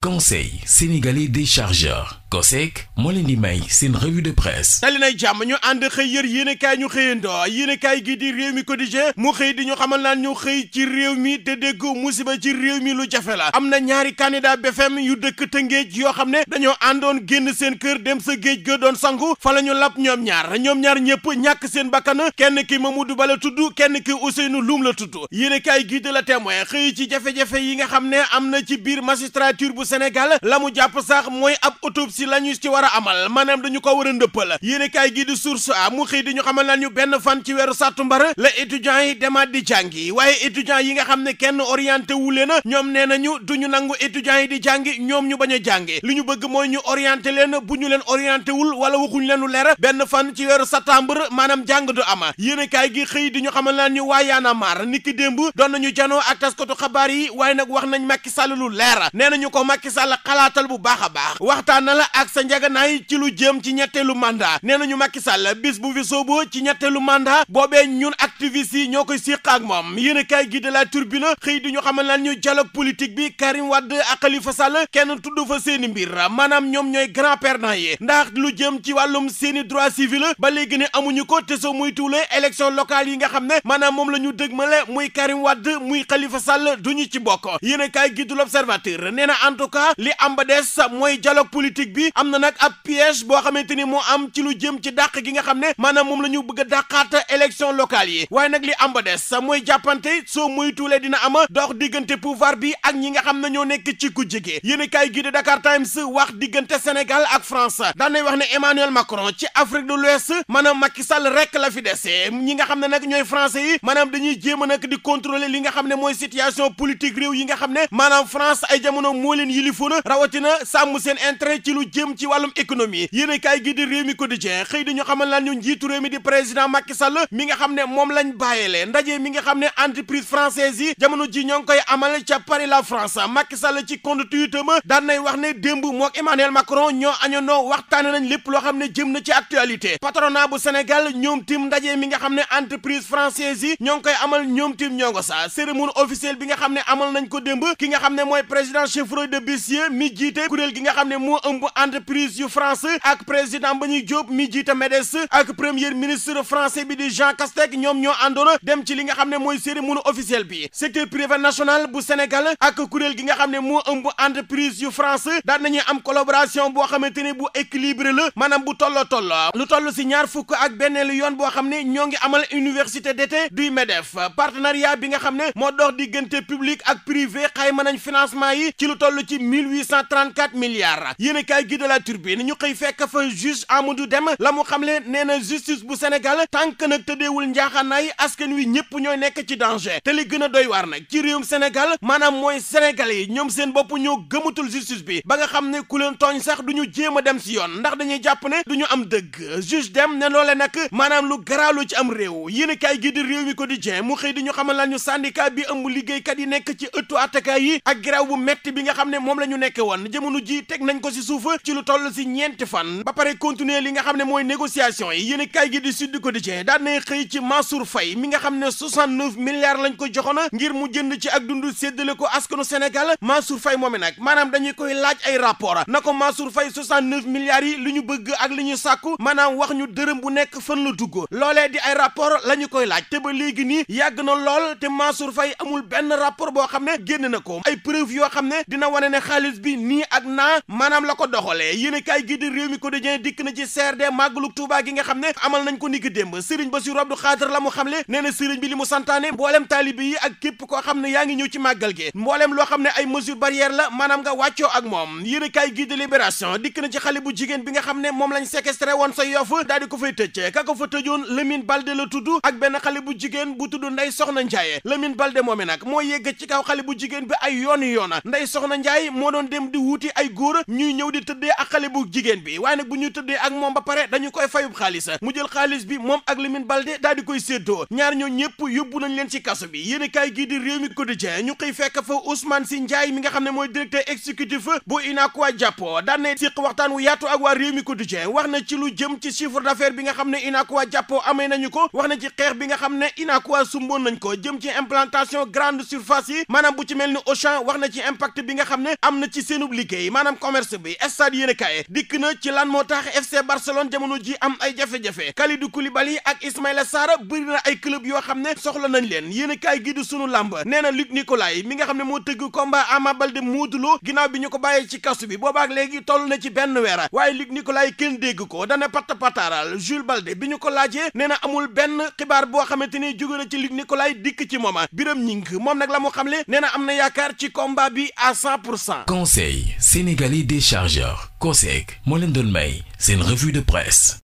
conseil sénégalais des chargeurs COSEC moo leen di may seen revue de presse tali nay jàmm ñu ànd xëy yër yéenekaay ñu xëyandoo yéenekaay gi di réew mi quotidien mu xëy di ñu xamal naa ñu xëy ci réew mi te dégg musiba ci réew mi lu jafe la am na ñaari candidat BFM yu dëkk Tëngéej yoo xam ne dañoo àndoon génn seen kër dem sa géej ga doon sangu fa la ñu lap ñoom ñaar ñoom ñaar ñëpp ñàkk seen bakkana kenn ki Mamadou Ba la tudd kenn ki Ousseynou Loum la tudd yéenekaay gi de la témoin xëy ci jafe yi nga xam ne am na ci biir magistrature bu Sénégal la mu jàpp sax mooy ab autopsie la ñu ci war a amal maanaam dañu ko war a ndëppal yéene kaay gi di source a mu xëy di ñu xamal naan ñu benn fan ci weeru mbara la étudiants yi demaat di jàngi waaye étudiants yi nga xam ne kenn orienté wu leen ñoom nee nañu ñu nangu étudiants yi di jàngi ñoom ñu bañ a jàngi li ñu bëgg mooy ñu orienté leen bu ñu leen orienté wul wala waxuñ leen lu leer benn fan ci weeru septembre maanaam jàng du ama yéene gi xëy di ñu xamal naan ñu waa yaana maar niki démb doon nañu janoo ak taskatu xabaar yi waaye nag wax nañ Macky Sall lu leer nañu ko Macky xalaatal bu baax a baax waxtaan la ak sa njaganaay ci lu jëm ci ñetteelu mandat nee nañu Macky Sall bis bu fi sóoboo ci ñetteelu mandat boobee ñun activistes yi ñoo ko siq ak moom yéen a kaay gi de la turbine xëy di ñu xamal lan ñu dialogue politique bi Karim Wade a Khalifa Sall kenn tudd fa seeni mbir maanaam ñoom ñooy grand perdant yi ndax lu jëm ci wàllum seeni droit civil ba léegi ne amuñu ko te soo muy tuulee élection locale yi nga xam ne maanaam moom la ñu dëgmale muy Karim Wade muy Khalifa Sall duñu ci bokk yéen a kaay gi du l'observateur nee na tout li am ba des mooy dialogue politique bi am na nag ab piège boo xamante ni moo am ci lu jëm ci dàq gi nga xam ne maanaam moom la ñu bëgg a dàqaat élection yi waaye nag li am ba des mooy jàppante soo muy dina am dox diggante pouvoir bi ak ñi nga xam ne ñoo nekk ci ku jege yéen i kaay gi de Dakar Times wax diggante Sénégal ak France daan nay wax ne Emmanuel Macron ci Afrique de l'Ouest maanaam Macky Sall rek la fi dese ñi nga xam ne nag ñooy français yi maanaam dañuy jéem a nag di contrôler li nga xam ne mooy situation politique réew yi nga xam ne maanaam France ay jamono moo leen yilifoon rawatina sàmm seen intérêt ci lu jëm ci wàllum économie yéen kaay gi di réew mi quotidien xëy di ñu xamal lan ñu njiitu réew mi di président Macky mi nga xam ne moom lañ bàyyeele ndaje mi nga xam ne entreprise française yi jamono ji ñoo ngi koy amal ca Paris la France Macky Sall ci compte Twitter ma daan nay wax ne démb moog Emmanuel Macron ñoo añandoo waxtaane nañ lépp loo xam ne jëm na ci actualité patronat bu Sénégal ñoom tim ndaje mi nga xam ne entreprise française yi ngi koy amal ñoom sa cérémonie bi nga xam ne amal nañ ko démb ki nga xam ne mooy Debussier mi jiite kuréel gi nga xam ne moo ëmb entreprise yu France ak président Mbagnick Diop mi jiite MEDES ak premier ministre français bi di Jean Castex ñoom ñoo àndoon dem ci li nga xam ne mooy cérémonie officielle bi secteur privé national bu Sénégal ak kuréel gi nga xam ne moo ëmb entreprise yu France daan nañuy am collaboration boo xamante ne bu équilibré la maanaam bu tolloo tolloo lu toll si ñaar fukk ak benneelu yoon boo xam ne ñoo ngi amal université d'été du MEDEF partenariat bi nga xam ne moo dox diggante public ak privé xayma nañ financement yi ci lu ci mille huit cent trente quatre milliards yéen kaay gi de la Tribune ñu xëy fekk fa juge Amadou Deme la mu xamle nee na justice bu Sénégal tànk nag tëddeewul njaaxaanaay askan wi ñëpp ñooy nekk ci danger te li gën a doy waar nag ci réewum Sénégal maanaam mooy Sénégalais yi ñoom seen bopp ñoo gëmatul justice bi ba nga xam ne ku leen tooñ sax du ñu jéem a dem si yoon ndax dañuy jàpp ne du ñu am dëgg juge Deme ne loole nag maanaam lu garaalu ci am réew yéen kaay gi di réew mi quotidien mu xëy di ñu xamal la ñu syndicat bi ëmb yi nekk ci ëttu attakaay yi ak garaaw bu moom la ñu nekke woon jamono ji teg nañ ko si suuf ci lu toll si ñeenti fan ba pare continuer li nga xam ne mooy négociation yi yéen kaay gi di suddi ko di cee daan na xëy ci Mansour Faye mi nga xam ne 69 milliards lañ ko joxoon ngir mu jënd ci ak dund séddale ko askanu Sénégal Mansour fay moom nag maanaam dañuy koy laaj ay rapport na ko Mansour Faye 69 milliards yi lu ñu bëgg ak li ñu sàkku manaam wax ñu dërëm bu nekk fën la dugg loolee di ay rapport la ñu koy laaj ba léegi nii yàgg na lool te Mansour Faye amul benn rapport boo xam ne génn na ko ay preuve yoo xam ne dina wane na ne xaalis bi nii ak naa maanaam la ko doxalee yéenekaay gi di réew mi quotidien dikk na ci CRD màggalug Tuuba gi nga xam ne amal nañ ko niki démb sëriñ Bassirou Abdou Khadre la mu xamle nee na sëriñ bi li mu santaane mbooleem taalibe yi ak képp ko xam ne yaa ngi ñëw ci màggal gi mbooleem loo xam ne ay mesure barrière la maanaam nga wàccoo ak moom yéenekaay gi di libération dikk na ci xale bu jigéen bi nga xam ne moom lañ séquestré woon sa yof da ko fay tëj ka ko fa tëjoon la tudd ak benn xale bu jigéen bu tudd Ndey Soxna Njaaye Lamine Balde moome nag moo yegg ci kaw xale bu jigéen bi ay yoon yoona Ndey Soxna Ndiaye moo doon dem di wuuti ay góor ñuy ñëw di tëddee ak xale bu jigéen bi waaye nag bu ñuy tëddee ak moom ba pare dañu koy fayub xaalis mu jël xaalis bi moom ak Lamine Balde daal di koy séddoo ñaar ñoo ñëpp yóbbu nañ leen ci kaso bi yéen kaay gii di réew mi quotidien ñu xëy fekk fa Ousmane Sy Ndiaye mi nga xam ne mooy directeur exécutif bu Unacois Jàppo daan na waxtaan wu yaatu ak waa réew mi quotidien wax na ci lu jëm ci chiffre d'affaires bi nga xam ne Unacois Jàppo amee ko wax na ci xeex xam ne Unacois sumboon nañ ko jëm ci implantation grande surface yi maanaam bu ci mel ni Auchan na ci bi nga xam ne ne am na ci seenub liggéey maanaam commerce bi stade yéen dikk na ci lan moo tax FC Barcelone jamono ji am ay jafe-jafe bal yi ak Ismaïla Sarr bëri na ay club yoo xam ne soxla nañ leen yéen kaay gi du sunu làmb nee na Luc Nicolaï mi nga xam ne moo tëgg combat Ama Baldé Modou Lô ginnaaw bi ñu ko bàyyee ci kasu bi boobaak léegi toll na ci benn weer waaye Luc Nicolaï kenn dégg ko dana patta pataaral Jules Baldé bi ñu ko laajee nee na amul benn xibaar boo xamante ni jóge na ci Luc Nicolaï dikk ci mooma Birame Gningue moom nag la mu xamle nee na am na yaakaar ci combat bi à 100 pour cent conseil sénégalais des chargeurs COSEC moo leen doon may seen revue de presse